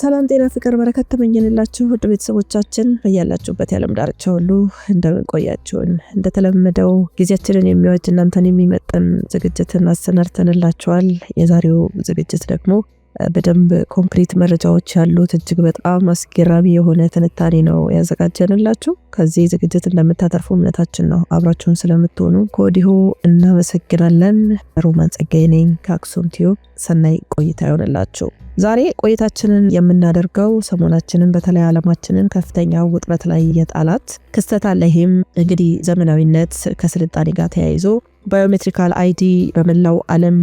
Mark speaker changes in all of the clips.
Speaker 1: ሰላም ጤና ፍቅር በረከት ተመኘንላችሁ ውድ ቤተሰቦቻችን በያላችሁበት የዓለም ዳርቻ ሁሉ እንደምንቆያችሁን እንደተለመደው ጊዜያችንን የሚወድ እናንተን የሚመጥን ዝግጅትን አሰናድተንላችኋል። የዛሬው ዝግጅት ደግሞ በደንብ ኮንክሪት መረጃዎች ያሉት እጅግ በጣም አስገራሚ የሆነ ትንታኔ ነው ያዘጋጀንላችሁ። ከዚህ ዝግጅት እንደምታተርፉ እምነታችን ነው። አብራችሁን ስለምትሆኑ ከወዲሁ እናመሰግናለን። ሮማን ጸጋዬ ነኝ ከአክሱም ቲዩብ። ሰናይ ቆይታ ይሆንላችሁ። ዛሬ ቆይታችንን የምናደርገው ሰሞናችንን በተለይ ዓለማችንን ከፍተኛ ውጥረት ላይ የጣላት ክስተት አለ። ይህም እንግዲህ ዘመናዊነት ከስልጣኔ ጋር ተያይዞ ባዮሜትሪካል አይዲ በመላው ዓለም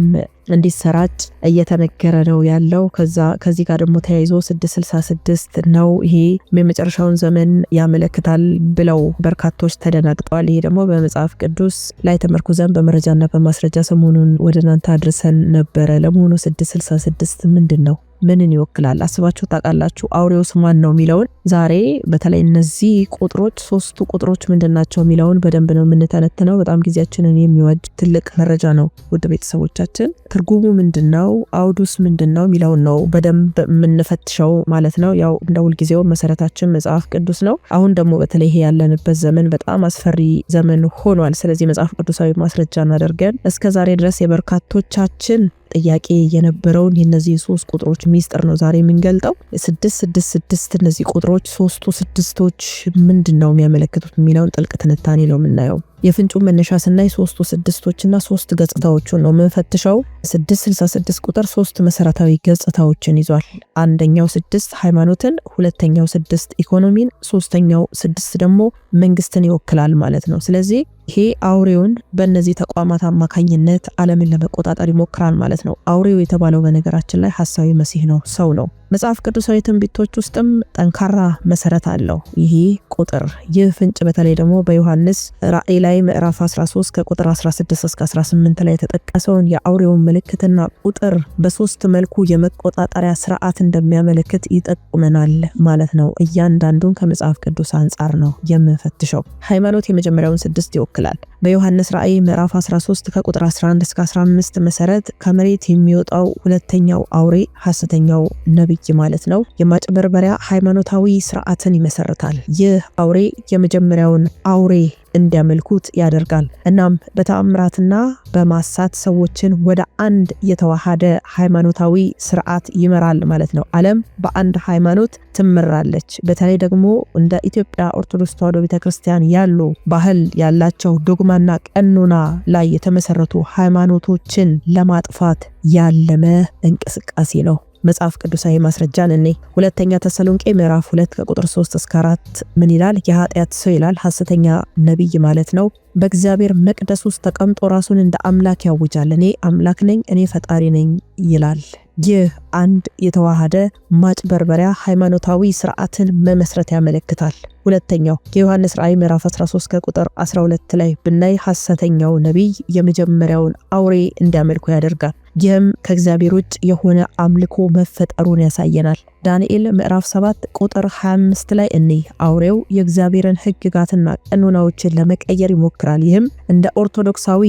Speaker 1: እንዲሰራጭ እየተነገረ ነው ያለው። ከዛ ከዚህ ጋር ደግሞ ተያይዞ 666 ነው ይሄ የመጨረሻውን ዘመን ያመለክታል ብለው በርካቶች ተደናግጠዋል። ይሄ ደግሞ በመጽሐፍ ቅዱስ ላይ ተመርኩዘን በመረጃና በማስረጃ ሰሞኑን ወደ እናንተ አድርሰን ነበረ። ለመሆኑ 666 ምንድን ነው? ምንን ይወክላል አስባችሁ ታውቃላችሁ? አውሬውስ ማን ነው የሚለውን ዛሬ በተለይ እነዚህ ቁጥሮች ሶስቱ ቁጥሮች ምንድን ናቸው የሚለውን በደንብ ነው የምንተነትነው። በጣም ጊዜያችንን የሚወድ ትልቅ መረጃ ነው። ውድ ቤተሰቦቻችን ትርጉሙ ምንድን ነው፣ አውዱስ ምንድን ነው የሚለውን ነው በደንብ የምንፈትሸው ማለት ነው። ያው እንደ ሁልጊዜው መሰረታችን መጽሐፍ ቅዱስ ነው። አሁን ደግሞ በተለይ ይሄ ያለንበት ዘመን በጣም አስፈሪ ዘመን ሆኗል። ስለዚህ መጽሐፍ ቅዱሳዊ ማስረጃን እናደርገን እስከ ዛሬ ድረስ የበርካቶቻችን ጥያቄ የነበረውን የነዚህ ሶስት ቁጥሮች ሚስጥር ነው ዛሬ የምንገልጠው። ስድስት ስድስት ስድስት እነዚህ ቁጥሮች ሶስቱ ስድስቶች ምንድን ነው የሚያመለክቱት የሚለውን ጥልቅ ትንታኔ ነው የምናየው። የፍንጩን መነሻ ስናይ ሶስቱ ስድስቶችና ሶስት ገጽታዎቹን ነው የምንፈትሸው። 666 ቁጥር ሶስት መሰረታዊ ገጽታዎችን ይዟል። አንደኛው ስድስት ሃይማኖትን፣ ሁለተኛው ስድስት ኢኮኖሚን፣ ሶስተኛው ስድስት ደግሞ መንግስትን ይወክላል ማለት ነው። ስለዚህ ይሄ አውሬውን በእነዚህ ተቋማት አማካኝነት ዓለምን ለመቆጣጠር ይሞክራል ማለት ነው። አውሬው የተባለው በነገራችን ላይ ሀሳዊ መሲህ ነው፣ ሰው ነው። መጽሐፍ ቅዱሳዊ ትንቢቶች ውስጥም ጠንካራ መሰረት አለው ይሄ ቁጥር። ይህ ፍንጭ በተለይ ደግሞ በዮሐንስ ራእይ ላይ ምዕራፍ 13 ከቁጥር 16 እስከ 18 ላይ የተጠቀሰውን የአውሬውን ምልክትና ቁጥር በሶስት መልኩ የመቆጣጠሪያ ስርዓት እንደሚያመለክት ይጠቁመናል ማለት ነው። እያንዳንዱን ከመጽሐፍ ቅዱስ አንጻር ነው የምንፈትሸው። ሃይማኖት የመጀመሪያውን ስድስት ይወክላል። በዮሐንስ ራእይ ምዕራፍ 13 ከቁጥር 11 እስከ 15 መሰረት ከመሬት የሚወጣው ሁለተኛው አውሬ ሐሰተኛው ነቢይ ማለት ነው የማጭበርበሪያ ሃይማኖታዊ ስርዓትን ይመሰርታል። ይህ አውሬ የመጀመሪያውን አውሬ እንዲያመልኩት ያደርጋል። እናም በተአምራትና በማሳት ሰዎችን ወደ አንድ የተዋሃደ ሃይማኖታዊ ስርዓት ይመራል ማለት ነው። ዓለም በአንድ ሃይማኖት ትመራለች። በተለይ ደግሞ እንደ ኢትዮጵያ ኦርቶዶክስ ተዋሕዶ ቤተክርስቲያን ያሉ ባህል ያላቸው ዶግማና ቀኖና ላይ የተመሰረቱ ሃይማኖቶችን ለማጥፋት ያለመ እንቅስቃሴ ነው። መጽሐፍ ቅዱሳዊ ማስረጃ እኔ ሁለተኛ ተሰሎንቄ ምዕራፍ 2 ከቁጥር 3 እስከ 4 ምን ይላል? የኃጢአት ሰው ይላል ሐሰተኛ ነቢይ ማለት ነው። በእግዚአብሔር መቅደስ ውስጥ ተቀምጦ ራሱን እንደ አምላክ ያውጃል። እኔ አምላክ ነኝ፣ እኔ ፈጣሪ ነኝ ይላል። ይህ አንድ የተዋሃደ ማጭበርበሪያ ሃይማኖታዊ ስርዓትን መመስረት ያመለክታል። ሁለተኛው የዮሐንስ ራእይ ምዕራፍ 13 ከቁጥር 12 ላይ ብናይ ሐሰተኛው ነቢይ የመጀመሪያውን አውሬ እንዲያመልኩ ያደርጋል። ይህም ከእግዚአብሔር ውጭ የሆነ አምልኮ መፈጠሩን ያሳየናል። ዳንኤል ምዕራፍ 7 ቁጥር 25 ላይ እኒ አውሬው የእግዚአብሔርን ሕግጋትና ቀኖናዎችን ለመቀየር ይሞክራል። ይህም እንደ ኦርቶዶክሳዊ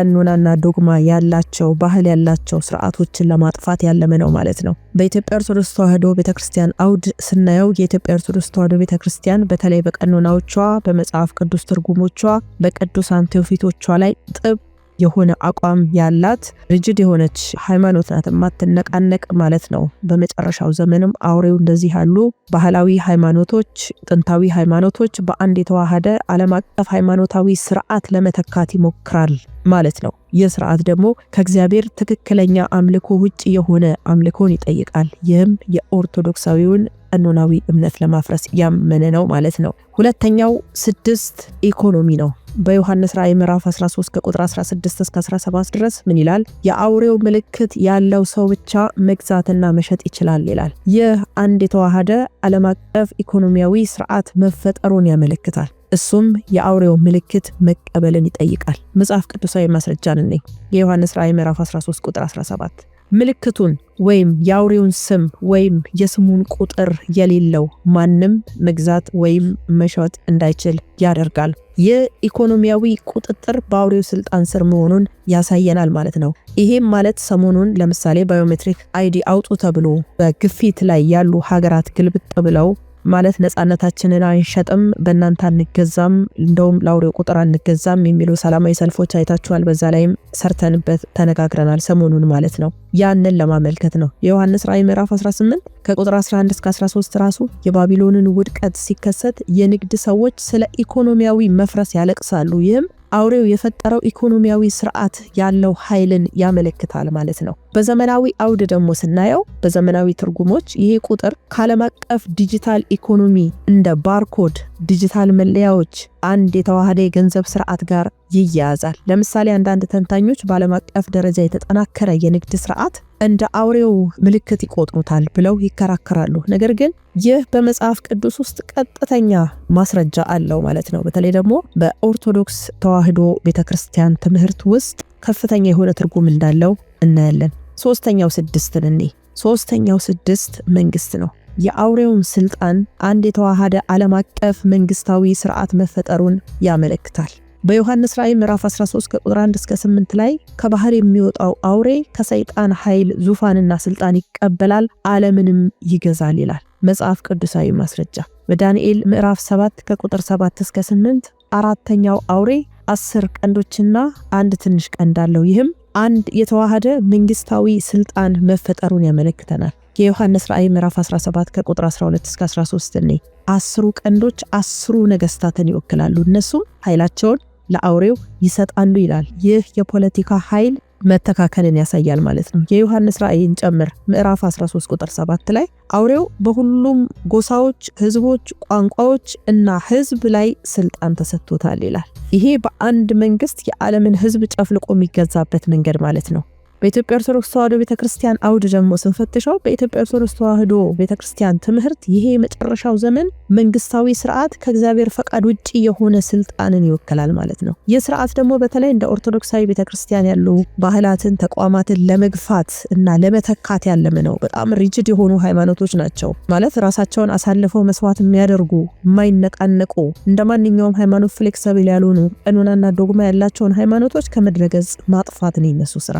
Speaker 1: ቀኖናና ዶግማ ያላቸው ባህል ያላቸው ስርዓቶችን ለማጥፋት ያለመ ነው ማለት ነው። በኢትዮጵያ ኦርቶዶክስ ተዋሕዶ ቤተክርስቲያን አውድ ስናየው የኢትዮጵያ ኦርቶዶክስ ተዋሕዶ ቤተክርስቲያን በተለይ በቀኖናዎቿ፣ በመጽሐፍ ቅዱስ ትርጉሞቿ፣ በቅዱሳን ትውፊቶቿ ላይ ጥብ የሆነ አቋም ያላት ርጅድ የሆነች ሃይማኖት ናት፣ የማትነቃነቅ ማለት ነው። በመጨረሻው ዘመንም አውሬው እንደዚህ ያሉ ባህላዊ ሃይማኖቶች፣ ጥንታዊ ሃይማኖቶች በአንድ የተዋሃደ ዓለም አቀፍ ሃይማኖታዊ ስርዓት ለመተካት ይሞክራል ማለት ነው። ይህ ስርዓት ደግሞ ከእግዚአብሔር ትክክለኛ አምልኮ ውጭ የሆነ አምልኮን ይጠይቃል። ይህም የኦርቶዶክሳዊውን ቀኖናዊ እምነት ለማፍረስ ያመነ ነው ማለት ነው። ሁለተኛው ስድስት ኢኮኖሚ ነው። በዮሐንስ ራእይ ምዕራፍ 13 ከቁጥር 16 እስከ 17 ድረስ ምን ይላል? የአውሬው ምልክት ያለው ሰው ብቻ መግዛትና መሸጥ ይችላል ይላል። ይህ አንድ የተዋሃደ ዓለም አቀፍ ኢኮኖሚያዊ ስርዓት መፈጠሩን ያመለክታል። እሱም የአውሬው ምልክት መቀበልን ይጠይቃል። መጽሐፍ ቅዱሳዊ ማስረጃን ነኝ የዮሐንስ ራእይ ምዕራፍ 13 ቁጥር 17 ምልክቱን ወይም የአውሬውን ስም ወይም የስሙን ቁጥር የሌለው ማንም መግዛት ወይም መሸጥ እንዳይችል ያደርጋል። የኢኮኖሚያዊ ቁጥጥር በአውሬው ስልጣን ስር መሆኑን ያሳየናል ማለት ነው። ይሄም ማለት ሰሞኑን ለምሳሌ ባዮሜትሪክ አይዲ አውጡ ተብሎ በግፊት ላይ ያሉ ሀገራት ግልብጥ ብለው ማለት ነፃነታችንን አንሸጥም፣ በእናንተ አንገዛም፣ እንደውም ለአውሬው ቁጥር አንገዛም የሚሉ ሰላማዊ ሰልፎች አይታችኋል። በዛ ላይም ሰርተንበት ተነጋግረናል፣ ሰሞኑን ማለት ነው። ያንን ለማመልከት ነው። የዮሐንስ ራእይ ምዕራፍ 18 ከቁጥር 11 እስከ 13 ራሱ የባቢሎንን ውድቀት ሲከሰት የንግድ ሰዎች ስለ ኢኮኖሚያዊ መፍረስ ያለቅሳሉ፣ ይህም አውሬው የፈጠረው ኢኮኖሚያዊ ስርዓት ያለው ኃይልን ያመለክታል ማለት ነው። በዘመናዊ አውድ ደግሞ ስናየው በዘመናዊ ትርጉሞች ይሄ ቁጥር ከዓለም አቀፍ ዲጂታል ኢኮኖሚ እንደ ባርኮድ፣ ዲጂታል መለያዎች አንድ የተዋሃደ የገንዘብ ስርዓት ጋር ይያያዛል። ለምሳሌ አንዳንድ ተንታኞች በዓለም አቀፍ ደረጃ የተጠናከረ የንግድ ስርዓት እንደ አውሬው ምልክት ይቆጥሩታል ብለው ይከራከራሉ። ነገር ግን ይህ በመጽሐፍ ቅዱስ ውስጥ ቀጥተኛ ማስረጃ አለው ማለት ነው። በተለይ ደግሞ በኦርቶዶክስ ተዋህዶ ቤተክርስቲያን ትምህርት ውስጥ ከፍተኛ የሆነ ትርጉም እንዳለው እናያለን። ሶስተኛው ስድስት እኔ ሶስተኛው ስድስት መንግስት ነው። የአውሬውን ስልጣን አንድ የተዋሃደ ዓለም አቀፍ መንግስታዊ ስርዓት መፈጠሩን ያመለክታል። በዮሐንስ ራእይ ምዕራፍ 13 ከቁጥር 1 እስከ 8 ላይ ከባህር የሚወጣው አውሬ ከሰይጣን ኃይል ዙፋንና ስልጣን ይቀበላል፣ ዓለምንም ይገዛል ይላል መጽሐፍ ቅዱሳዊ ማስረጃ። በዳንኤል ምዕራፍ 7 ከቁጥር 7 እስከ 8 አራተኛው አውሬ አስር ቀንዶችና አንድ ትንሽ ቀንድ አለው። ይህም አንድ የተዋሃደ መንግስታዊ ስልጣን መፈጠሩን ያመለክተናል። የዮሐንስ ራእይ ምዕራፍ 17 ከቁጥር 12 እስከ 13 ላይ አስሩ ቀንዶች አስሩ ነገስታትን ይወክላሉ። እነሱም ኃይላቸውን ለአውሬው ይሰጣሉ ይላል። ይህ የፖለቲካ ኃይል መተካከልን ያሳያል ማለት ነው። የዮሐንስ ራእይን ጨምር ምዕራፍ 13 ቁጥር 7 ላይ አውሬው በሁሉም ጎሳዎች፣ ህዝቦች፣ ቋንቋዎች እና ህዝብ ላይ ስልጣን ተሰጥቶታል ይላል። ይሄ በአንድ መንግስት የዓለምን ህዝብ ጨፍልቆ የሚገዛበት መንገድ ማለት ነው። በኢትዮጵያ ኦርቶዶክስ ተዋህዶ ቤተክርስቲያን አውድ ደግሞ ስንፈትሸው በኢትዮጵያ ኦርቶዶክስ ተዋህዶ ቤተክርስቲያን ትምህርት ይሄ የመጨረሻው ዘመን መንግስታዊ ስርዓት ከእግዚአብሔር ፈቃድ ውጭ የሆነ ስልጣንን ይወክላል ማለት ነው። ይህ ስርዓት ደግሞ በተለይ እንደ ኦርቶዶክሳዊ ቤተክርስቲያን ያሉ ባህላትን፣ ተቋማትን ለመግፋት እና ለመተካት ያለመ ነው። በጣም ሪጅድ የሆኑ ሃይማኖቶች ናቸው ማለት ራሳቸውን አሳልፈው መስዋዕት የሚያደርጉ የማይነቃነቁ እንደ ማንኛውም ሃይማኖት ፍሌክሰብል ያልሆኑ ቀኖናና ዶግማ ያላቸውን ሃይማኖቶች ከምድረገጽ ማጥፋት ነው የነሱ ስራ።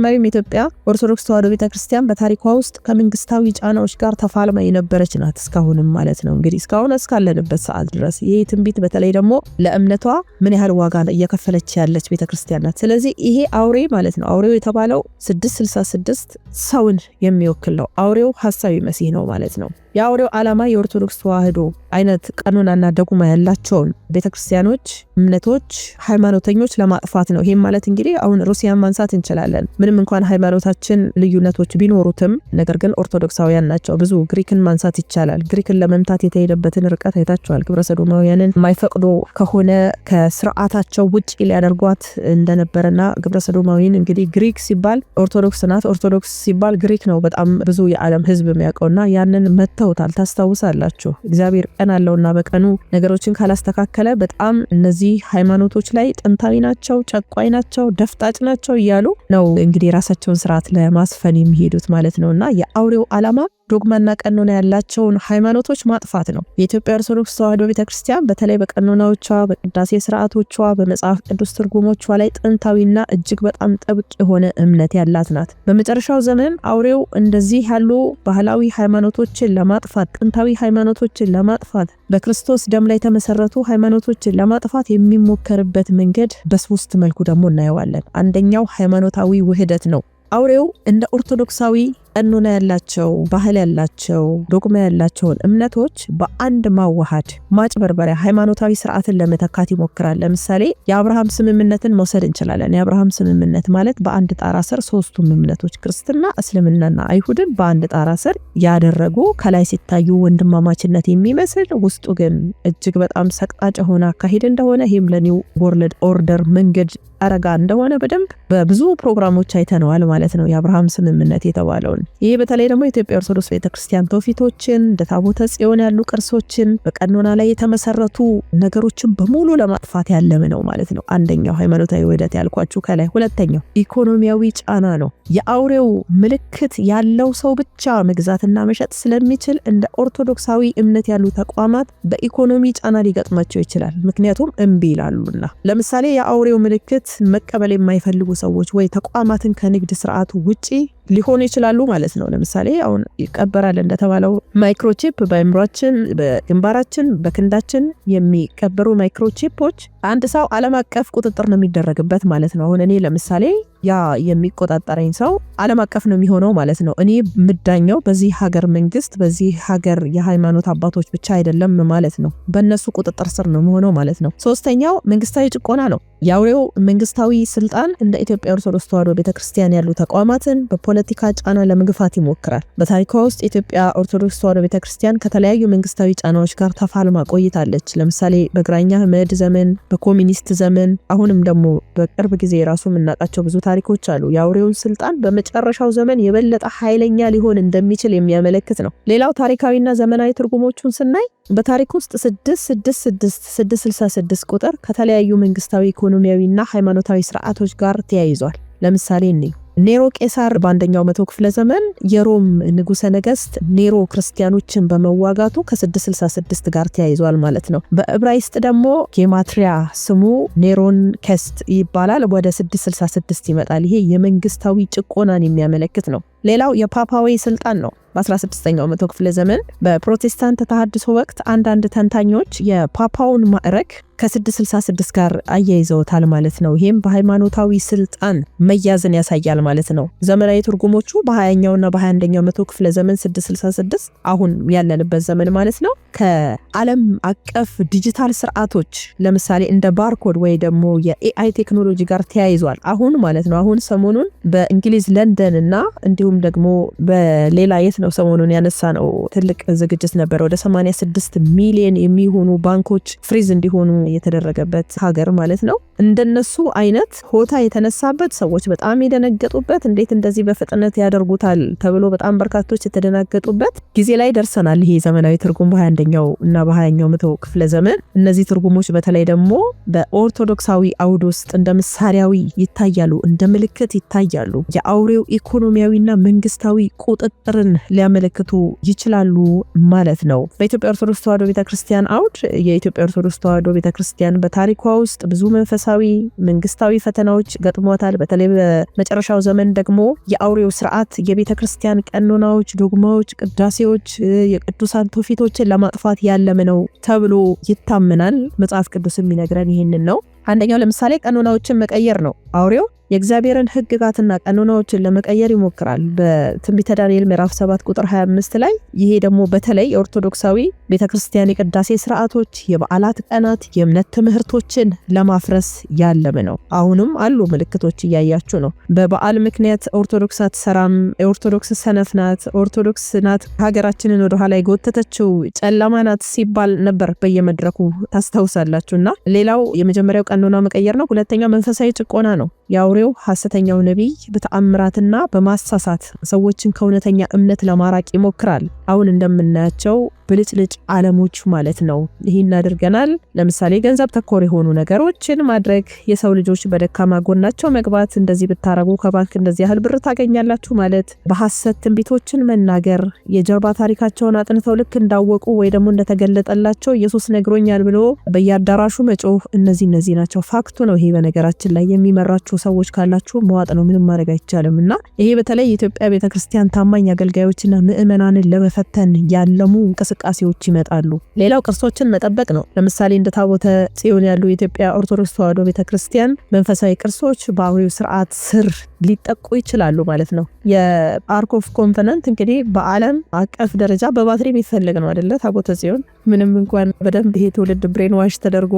Speaker 1: በተጨማሪም ኢትዮጵያ ኦርቶዶክስ ተዋሕዶ ቤተክርስቲያን በታሪኳ ውስጥ ከመንግስታዊ ጫናዎች ጋር ተፋልማ የነበረች ናት እስካሁንም ማለት ነው። እንግዲህ እስካሁን እስካለንበት ሰዓት ድረስ ይህ ትንቢት በተለይ ደግሞ ለእምነቷ ምን ያህል ዋጋ እየከፈለች ያለች ቤተክርስቲያን ናት። ስለዚህ ይሄ አውሬ ማለት ነው አውሬው የተባለው 666 ሰውን የሚወክል ነው። አውሬው ሀሳዊ መሲህ ነው ማለት ነው። የአውሬው ዓላማ የኦርቶዶክስ ተዋህዶ አይነት ቀኖናና ደጉማ ያላቸውን ቤተክርስቲያኖች፣ እምነቶች፣ ሃይማኖተኞች ለማጥፋት ነው። ይህም ማለት እንግዲህ አሁን ሩሲያን ማንሳት እንችላለን። ምንም እንኳን ሃይማኖታችን ልዩነቶች ቢኖሩትም ነገር ግን ኦርቶዶክሳውያን ናቸው። ብዙ ግሪክን ማንሳት ይቻላል። ግሪክን ለመምታት የተሄደበትን ርቀት አይታቸዋል። ግብረ ሰዶማውያንን የማይፈቅዱ ከሆነ ከስርዓታቸው ውጭ ሊያደርጓት እንደነበረና ግብረ ሰዶማዊን እንግዲህ ግሪክ ሲባል ኦርቶዶክስ ናት፣ ኦርቶዶክስ ሲባል ግሪክ ነው። በጣም ብዙ የዓለም ህዝብ የሚያውቀውና ያንን መ ሰጥተውታል። ታስታውሳላችሁ። እግዚአብሔር ቀን አለውና በቀኑ ነገሮችን ካላስተካከለ በጣም እነዚህ ሃይማኖቶች ላይ ጥንታዊ ናቸው፣ ጨቋኝ ናቸው፣ ደፍጣጭ ናቸው እያሉ ነው እንግዲህ የራሳቸውን ስርዓት ለማስፈን የሚሄዱት ማለት ነው እና የአውሬው አላማ። ዶግማና ቀኖና ያላቸውን ሃይማኖቶች ማጥፋት ነው። የኢትዮጵያ ኦርቶዶክስ ተዋሕዶ ቤተክርስቲያን በተለይ በቀኖናዎቿ፣ በቅዳሴ ስርዓቶቿ፣ በመጽሐፍ ቅዱስ ትርጉሞቿ ላይ ጥንታዊና እጅግ በጣም ጥብቅ የሆነ እምነት ያላት ናት። በመጨረሻው ዘመን አውሬው እንደዚህ ያሉ ባህላዊ ሃይማኖቶችን ለማጥፋት ጥንታዊ ሃይማኖቶችን ለማጥፋት በክርስቶስ ደም ላይ የተመሰረቱ ሃይማኖቶችን ለማጥፋት የሚሞከርበት መንገድ በሶስት መልኩ ደግሞ እናየዋለን። አንደኛው ሃይማኖታዊ ውህደት ነው። አውሬው እንደ ኦርቶዶክሳዊ ቀኖና ያላቸው ባህል ያላቸው ዶግማ ያላቸውን እምነቶች በአንድ ማዋሃድ ማጭበርበሪያ ሃይማኖታዊ ስርዓትን ለመተካት ይሞክራል። ለምሳሌ የአብርሃም ስምምነትን መውሰድ እንችላለን። የአብርሃም ስምምነት ማለት በአንድ ጣራ ስር ሶስቱም እምነቶች ክርስትና፣ እስልምናና አይሁድን በአንድ ጣራ ስር ያደረጉ ከላይ ሲታዩ ወንድማማችነት የሚመስል ውስጡ ግን እጅግ በጣም ሰቅጣጭ የሆነ አካሄድ እንደሆነ ይህም ለኒው ወርልድ ኦርደር መንገድ አረጋ እንደሆነ በደንብ በብዙ ፕሮግራሞች አይተነዋል ማለት ነው። የአብርሃም ስምምነት የተባለውን ይህ በተለይ ደግሞ የኢትዮጵያ ኦርቶዶክስ ቤተክርስቲያን ትውፊቶችን እንደ ታቦተ ጽዮን ያሉ ቅርሶችን በቀኖና ላይ የተመሰረቱ ነገሮችን በሙሉ ለማጥፋት ያለም ነው ማለት ነው። አንደኛው ሃይማኖታዊ ውህደት ያልኳችሁ ከላይ። ሁለተኛው ኢኮኖሚያዊ ጫና ነው። የአውሬው ምልክት ያለው ሰው ብቻ መግዛትና መሸጥ ስለሚችል እንደ ኦርቶዶክሳዊ እምነት ያሉ ተቋማት በኢኮኖሚ ጫና ሊገጥማቸው ይችላል። ምክንያቱም እምቢ ይላሉና። ለምሳሌ የአውሬው ምልክት መቀበል የማይፈልጉ ሰዎች ወይ ተቋማትን ከንግድ ስርዓት ውጪ ሊሆኑ ይችላሉ ማለት ነው። ለምሳሌ አሁን ይቀበራል እንደተባለው ማይክሮቺፕ በአይምሯችን በግንባራችን፣ በክንዳችን የሚቀበሩ ማይክሮቺፖች አንድ ሰው ዓለም አቀፍ ቁጥጥር ነው የሚደረግበት ማለት ነው። አሁን እኔ ለምሳሌ ያ የሚቆጣጠረኝ ሰው ዓለም አቀፍ ነው የሚሆነው ማለት ነው። እኔ ምዳኛው በዚህ ሀገር መንግስት፣ በዚህ ሀገር የሃይማኖት አባቶች ብቻ አይደለም ማለት ነው። በእነሱ ቁጥጥር ስር ነው የሚሆነው ማለት ነው። ሶስተኛው መንግስታዊ ጭቆና ነው። የአውሬው መንግስታዊ ስልጣን እንደ ኢትዮጵያ ኦርቶዶክስ ተዋሕዶ ቤተክርስቲያን ያሉ ተቋማትን በፖለ የፖለቲካ ጫና ለመግፋት ይሞክራል። በታሪኳ ውስጥ የኢትዮጵያ ኦርቶዶክስ ተዋሕዶ ቤተክርስቲያን ከተለያዩ መንግስታዊ ጫናዎች ጋር ተፋልማ ቆይታለች። ለምሳሌ በግራኛ አህመድ ዘመን፣ በኮሚኒስት ዘመን፣ አሁንም ደግሞ በቅርብ ጊዜ ራሱ የምናውቃቸው ብዙ ታሪኮች አሉ። የአውሬውን ስልጣን በመጨረሻው ዘመን የበለጠ ኃይለኛ ሊሆን እንደሚችል የሚያመለክት ነው። ሌላው ታሪካዊና ዘመናዊ ትርጉሞቹን ስናይ በታሪክ ውስጥ 666 ቁጥር ከተለያዩ መንግስታዊ ኢኮኖሚያዊና ሃይማኖታዊ ስርዓቶች ጋር ተያይዟል። ለምሳሌ እኔ ኔሮ ቄሳር በአንደኛው መቶ ክፍለ ዘመን የሮም ንጉሰ ነገስት ኔሮ ክርስቲያኖችን በመዋጋቱ ከ666 ጋር ተያይዟል ማለት ነው። በዕብራይስጥ ደግሞ ጌማትሪያ ስሙ ኔሮን ከስት ይባላል። ወደ 666 ይመጣል። ይሄ የመንግስታዊ ጭቆናን የሚያመለክት ነው። ሌላው የፓፓዊ ስልጣን ነው። በ16ኛው መቶ ክፍለ ዘመን በፕሮቴስታንት ተሃድሶ ወቅት አንዳንድ ተንታኞች የፓፓውን ማዕረግ ከ666 ጋር አያይዘውታል ማለት ነው። ይህም በሃይማኖታዊ ስልጣን መያዝን ያሳያል ማለት ነው። ዘመናዊ ትርጉሞቹ በ20ኛውና በ21ኛው መቶ ክፍለ ዘመን 666 አሁን ያለንበት ዘመን ማለት ነው ከዓለም አቀፍ ዲጂታል ስርዓቶች ለምሳሌ እንደ ባርኮድ ወይ ደግሞ የኤአይ ቴክኖሎጂ ጋር ተያይዟል አሁን ማለት ነው። አሁን ሰሞኑን በእንግሊዝ ለንደን እና እንዲሁ እንዲሁም ደግሞ በሌላ የት ነው ሰሞኑን ያነሳ ነው ትልቅ ዝግጅት ነበር። ወደ 86 ሚሊዮን የሚሆኑ ባንኮች ፍሪዝ እንዲሆኑ የተደረገበት ሀገር ማለት ነው። እንደነሱ አይነት ሆታ የተነሳበት ሰዎች በጣም የደነገጡበት እንዴት እንደዚህ በፍጥነት ያደርጉታል ተብሎ በጣም በርካቶች የተደናገጡበት ጊዜ ላይ ደርሰናል። ይሄ ዘመናዊ ትርጉም በ21ኛው እና በ20ኛው መቶ ክፍለ ዘመን እነዚህ ትርጉሞች በተለይ ደግሞ በኦርቶዶክሳዊ አውድ ውስጥ እንደ ምሳሪያዊ ይታያሉ፣ እንደ ምልክት ይታያሉ። የአውሬው ኢኮኖሚያዊና መንግስታዊ ቁጥጥርን ሊያመለክቱ ይችላሉ ማለት ነው። በኢትዮጵያ ኦርቶዶክስ ተዋህዶ ቤተክርስቲያን አውድ የኢትዮጵያ ኦርቶዶክስ ተዋህዶ ቤተክርስቲያን በታሪኳ ውስጥ ብዙ መንፈሳ መንፈሳዊ፣ መንግስታዊ ፈተናዎች ገጥሟታል። በተለይ በመጨረሻው ዘመን ደግሞ የአውሬው ስርዓት የቤተ ክርስቲያን ቀኖናዎች፣ ዶግማዎች፣ ቅዳሴዎች፣ የቅዱሳን ትውፊቶችን ለማጥፋት ያለመ ነው ተብሎ ይታመናል። መጽሐፍ ቅዱስ የሚነግረን ይህንን ነው። አንደኛው ለምሳሌ ቀኖናዎችን መቀየር ነው። አውሬው የእግዚአብሔርን ህግጋትና ቀኖናዎችን ለመቀየር ይሞክራል። በትንቢተ ዳንኤል ምዕራፍ 7 ቁጥር 25 ላይ ይሄ ደግሞ በተለይ የኦርቶዶክሳዊ ቤተክርስቲያን የቅዳሴ ስርዓቶች፣ የበዓላት ቀናት፣ የእምነት ትምህርቶችን ለማፍረስ ያለም ነው። አሁንም አሉ ምልክቶች እያያችሁ ነው። በበዓል ምክንያት ኦርቶዶክስ አትሰራም፣ ኦርቶዶክስ ሰነፍ ናት፣ ኦርቶዶክስ ናት፣ ሀገራችንን ወደኋላ የጎተተችው ጨለማ ናት ሲባል ነበር በየመድረኩ ታስታውሳላችሁ። እና ሌላው የመጀመሪያው ቀኖና መቀየር ነው። ሁለተኛው መንፈሳዊ ጭቆና ነው። የአውሬው ሐሰተኛው ነቢይ በተአምራትና በማሳሳት ሰዎችን ከእውነተኛ እምነት ለማራቅ ይሞክራል። አሁን እንደምናያቸው ብልጭልጭ ዓለሞች ማለት ነው። ይህን አድርገናል። ለምሳሌ ገንዘብ ተኮር የሆኑ ነገሮችን ማድረግ፣ የሰው ልጆች በደካማ ጎናቸው መግባት፣ እንደዚህ ብታረጉ ከባንክ እንደዚህ ያህል ብር ታገኛላችሁ ማለት፣ በሐሰት ትንቢቶችን መናገር፣ የጀርባ ታሪካቸውን አጥንተው ልክ እንዳወቁ ወይ ደግሞ እንደተገለጠላቸው ኢየሱስ ነግሮኛል ብሎ በየአዳራሹ መጮህ፣ እነዚህ እነዚህ ናቸው። ፋክቱ ነው ይሄ በነገራችን ላይ የሚመራችሁ ሰዎች ካላችሁ መዋጥ ነው፣ ምንም ማድረግ አይቻልም። እና ይሄ በተለይ የኢትዮጵያ ቤተክርስቲያን ታማኝ አገልጋዮችና ምእመናንን ለመፈተን ያለሙ እንቅስቃሴዎች ይመጣሉ። ሌላው ቅርሶችን መጠበቅ ነው። ለምሳሌ እንደ ታቦተ ጽዮን ያሉ የኢትዮጵያ ኦርቶዶክስ ተዋሕዶ ቤተክርስቲያን መንፈሳዊ ቅርሶች በአሁሪው ስርዓት ስር ሊጠቁ ይችላሉ ማለት ነው። የአርክ ኦፍ እንግዲህ በዓለም አቀፍ ደረጃ በባትሪ የሚፈልግ ነው አደለ? ታቦተ ጽዮን ምንም እንኳን በደንብ ይሄ ትውልድ ብሬንዋሽ ተደርጎ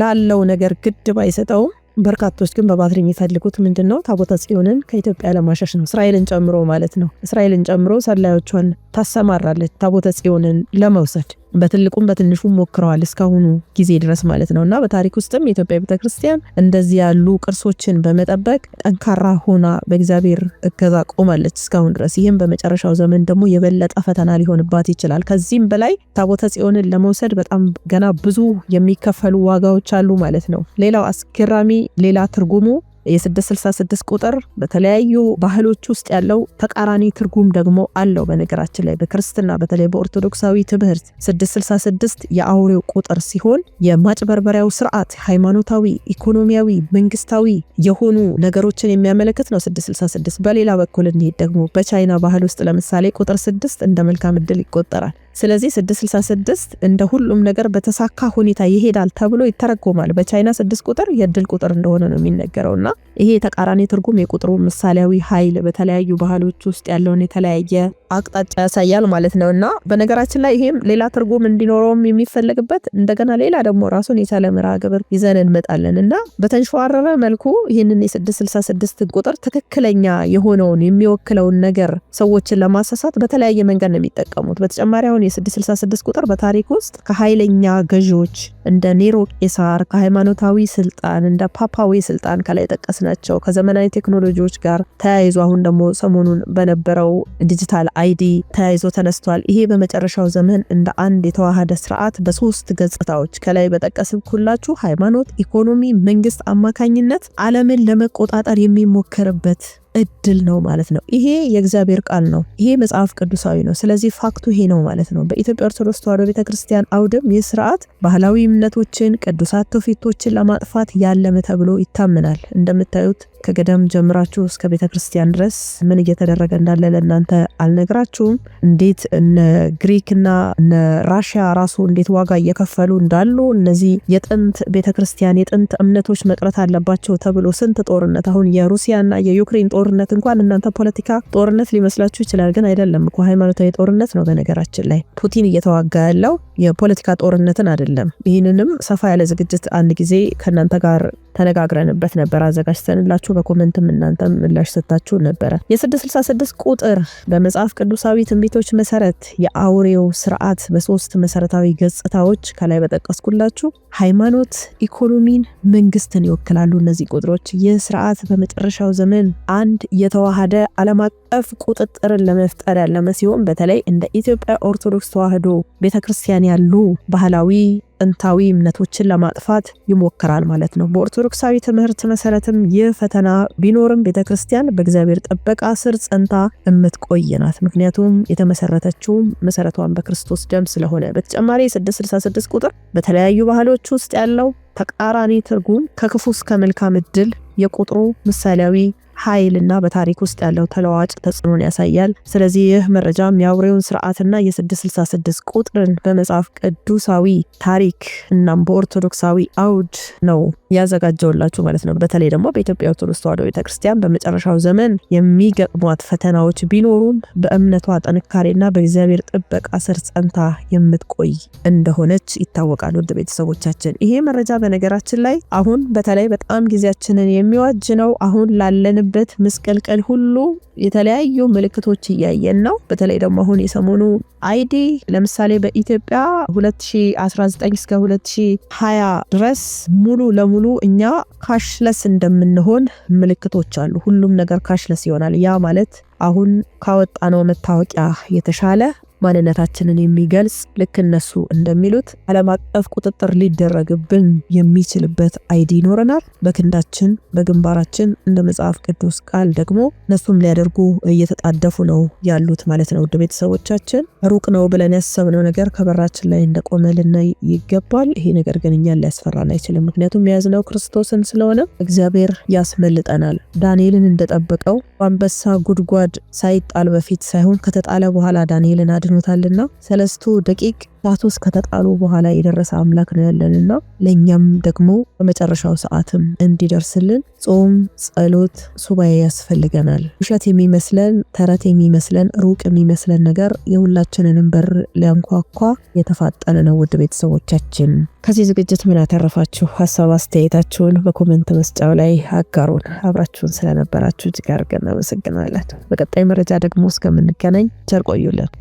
Speaker 1: ላለው ነገር ግድብ አይሰጠውም። በርካቶች ግን በባትር የሚፈልጉት ምንድን ነው? ታቦተ ጽዮንን ከኢትዮጵያ ለማሸሽ ነው። እስራኤልን ጨምሮ ማለት ነው። እስራኤልን ጨምሮ ሰላዮቿን ታሰማራለች ታቦተ ጽዮንን ለመውሰድ በትልቁም በትንሹም ሞክረዋል እስካሁኑ ጊዜ ድረስ ማለት ነው እና በታሪክ ውስጥም የኢትዮጵያ ቤተክርስቲያን እንደዚህ ያሉ ቅርሶችን በመጠበቅ ጠንካራ ሆና በእግዚአብሔር እገዛ ቆማለች እስካሁን ድረስ። ይህም በመጨረሻው ዘመን ደግሞ የበለጠ ፈተና ሊሆንባት ይችላል። ከዚህም በላይ ታቦተ ጽዮንን ለመውሰድ በጣም ገና ብዙ የሚከፈሉ ዋጋዎች አሉ ማለት ነው። ሌላው አስገራሚ ሌላ ትርጉሙ የ666 ቁጥር በተለያዩ ባህሎች ውስጥ ያለው ተቃራኒ ትርጉም ደግሞ አለው። በነገራችን ላይ በክርስትና በተለይ በኦርቶዶክሳዊ ትምህርት 666 የአውሬው ቁጥር ሲሆን የማጭበርበሪያው ስርዓት ሃይማኖታዊ፣ ኢኮኖሚያዊ፣ መንግስታዊ የሆኑ ነገሮችን የሚያመለክት ነው 666። በሌላ በኩል እንሄድ ደግሞ በቻይና ባህል ውስጥ ለምሳሌ ቁጥር ስድስት እንደ መልካም እድል ይቆጠራል። ስለዚህ 666 እንደ ሁሉም ነገር በተሳካ ሁኔታ ይሄዳል ተብሎ ይተረጎማል። በቻይና ስድስት ቁጥር የእድል ቁጥር እንደሆነ ነው የሚነገረው እና ይሄ የተቃራኒ ትርጉም የቁጥሩ ምሳሌያዊ ኃይል በተለያዩ ባህሎች ውስጥ ያለውን የተለያየ አቅጣጫ ያሳያል ማለት ነው እና በነገራችን ላይ ይሄም ሌላ ትርጉም እንዲኖረውም የሚፈለግበት እንደገና ሌላ ደግሞ ራሱን የቻለ መርሃ ግብር ይዘን እንመጣለን እና በተንሸዋረረ መልኩ ይህንን የ666 ቁጥር ትክክለኛ የሆነውን የሚወክለውን ነገር ሰዎችን ለማሳሳት በተለያየ መንገድ ነው የሚጠቀሙት። በተጨማሪ አሁን አሁን የ666 ቁጥር በታሪክ ውስጥ ከኃይለኛ ገዢዎች እንደ ኔሮ ቄሳር ከሃይማኖታዊ ስልጣን እንደ ፓፓዊ ስልጣን ከላይ ናቸው። ከዘመናዊ ቴክኖሎጂዎች ጋር ተያይዞ አሁን ደግሞ ሰሞኑን በነበረው ዲጂታል አይዲ ተያይዞ ተነስቷል። ይሄ በመጨረሻው ዘመን እንደ አንድ የተዋሃደ ስርዓት በሶስት ገጽታዎች ከላይ በጠቀስኩላችሁ ሃይማኖት፣ ኢኮኖሚ፣ መንግስት አማካኝነት አለምን ለመቆጣጠር የሚሞከርበት እድል ነው ማለት ነው። ይሄ የእግዚአብሔር ቃል ነው። ይሄ መጽሐፍ ቅዱሳዊ ነው። ስለዚህ ፋክቱ ይሄ ነው ማለት ነው። በኢትዮጵያ ኦርቶዶክስ ተዋሕዶ ቤተክርስቲያን አውድም ይህ ስርዓት ባህላዊ እምነቶችን፣ ቅዱሳት ትውፊቶችን ለማጥፋት ያለመ ተብሎ ይታመናል። እንደምታዩት ከገዳም ጀምራችሁ እስከ ቤተ ክርስቲያን ድረስ ምን እየተደረገ እንዳለ ለእናንተ አልነግራችሁም። እንዴት እነ ግሪክና እነ ራሽያ ራሱ እንዴት ዋጋ እየከፈሉ እንዳሉ እነዚህ የጥንት ቤተ ክርስቲያን የጥንት እምነቶች መቅረት አለባቸው ተብሎ ስንት ጦርነት አሁን የሩሲያና የዩክሬን ጦርነት እንኳን እናንተ ፖለቲካ ጦርነት ሊመስላችሁ ይችላል፣ ግን አይደለም እኮ ሃይማኖታዊ ጦርነት ነው። በነገራችን ላይ ፑቲን እየተዋጋ ያለው የፖለቲካ ጦርነትን አይደለም። ይህንንም ሰፋ ያለ ዝግጅት አንድ ጊዜ ከእናንተ ጋር ተነጋግረንበት ነበር አዘጋጅተንላችሁ እየጻፋችሁ በኮመንትም እናንተ ምላሽ ሰጥታችሁ ነበረ። የ666 ቁጥር በመጽሐፍ ቅዱሳዊ ትንቢቶች መሰረት የአውሬው ስርዓት በሶስት መሰረታዊ ገጽታዎች ከላይ በጠቀስኩላችሁ ሃይማኖት፣ ኢኮኖሚን፣ መንግስትን ይወክላሉ። እነዚህ ቁጥሮች ይህ ስርዓት በመጨረሻው ዘመን አንድ የተዋሃደ ዓለም አቀፍ ቁጥጥርን ለመፍጠር ያለመ ሲሆን በተለይ እንደ ኢትዮጵያ ኦርቶዶክስ ተዋህዶ ቤተክርስቲያን ያሉ ባህላዊ ጥንታዊ እምነቶችን ለማጥፋት ይሞክራል ማለት ነው። በኦርቶዶክሳዊ ትምህርት መሰረትም ይህ ፈተና ቢኖርም ቤተ ክርስቲያን በእግዚአብሔር ጥበቃ ስር ጸንታ የምትቆይ ናት። ምክንያቱም የተመሰረተችው መሰረቷን በክርስቶስ ደም ስለሆነ። በተጨማሪ 666 ቁጥር በተለያዩ ባህሎች ውስጥ ያለው ተቃራኒ ትርጉም ከክፉ እስከ መልካም እድል የቁጥሩ ምሳሌያዊ ኃይልና በታሪክ ውስጥ ያለው ተለዋጭ ተጽዕኖን ያሳያል። ስለዚህ ይህ መረጃም የአውሬውን ስርዓትና የ666 ቁጥርን በመጽሐፍ ቅዱሳዊ ታሪክ እናም በኦርቶዶክሳዊ አውድ ነው ያዘጋጀውላችሁ ማለት ነው። በተለይ ደግሞ በኢትዮጵያ ኦርቶዶክስ ተዋሕዶ ቤተክርስቲያን በመጨረሻው ዘመን የሚገጥሟት ፈተናዎች ቢኖሩም በእምነቷ ጥንካሬና በእግዚአብሔር ጥበቃ ስር ጸንታ የምትቆይ እንደሆነች ይታወቃል። ውድ ቤተሰቦቻችን ይሄ መረጃ በነገራችን ላይ አሁን በተለይ በጣም ጊዜያችንን የሚዋጅ ነው። አሁን ላለን ያለንበት ምስቀልቀል ሁሉ የተለያዩ ምልክቶች እያየን ነው። በተለይ ደግሞ አሁን የሰሞኑ አይዲ ለምሳሌ በኢትዮጵያ 2019 እስከ 2020 ድረስ ሙሉ ለሙሉ እኛ ካሽለስ እንደምንሆን ምልክቶች አሉ። ሁሉም ነገር ካሽለስ ይሆናል። ያ ማለት አሁን ካወጣነው መታወቂያ የተሻለ ማንነታችንን የሚገልጽ ልክ እነሱ እንደሚሉት ዓለም አቀፍ ቁጥጥር ሊደረግብን የሚችልበት አይዲ ይኖረናል። በክንዳችን በግንባራችን እንደ መጽሐፍ ቅዱስ ቃል ደግሞ እነሱም ሊያደርጉ እየተጣደፉ ነው ያሉት ማለት ነው። ውድ ቤተሰቦቻችን ሩቅ ነው ብለን ያሰብነው ነገር ከበራችን ላይ እንደቆመ ልናይ ይገባል። ይሄ ነገር ግን እኛን ሊያስፈራን አይችልም። ምክንያቱም የያዝነው ክርስቶስን ስለሆነ እግዚአብሔር ያስመልጠናል። ዳንኤልን እንደጠበቀው በአንበሳ ጉድጓድ ሳይጣል በፊት ሳይሆን ከተጣለ በኋላ ዳንኤልን አድ አመስግኖታልና ሰለስቱ ደቂቅ ውስጥ ከተጣሉ በኋላ የደረሰ አምላክ ነው ያለንና ለእኛም ደግሞ በመጨረሻው ሰዓትም እንዲደርስልን ጾም፣ ጸሎት፣ ሱባኤ ያስፈልገናል። ውሸት የሚመስለን ተረት የሚመስለን ሩቅ የሚመስለን ነገር የሁላችንንም በር ሊያንኳኳ የተፋጠነ ነው። ውድ ቤተሰቦቻችን ከዚህ ዝግጅት ምን ያተረፋችሁ? ሀሳብ አስተያየታችሁን በኮመንት መስጫው ላይ አጋሩን። አብራችሁን ስለነበራችሁ እጅግ አድርገን እናመሰግናለን። በቀጣይ መረጃ ደግሞ እስከምንገናኝ ቸር ቆዩልን።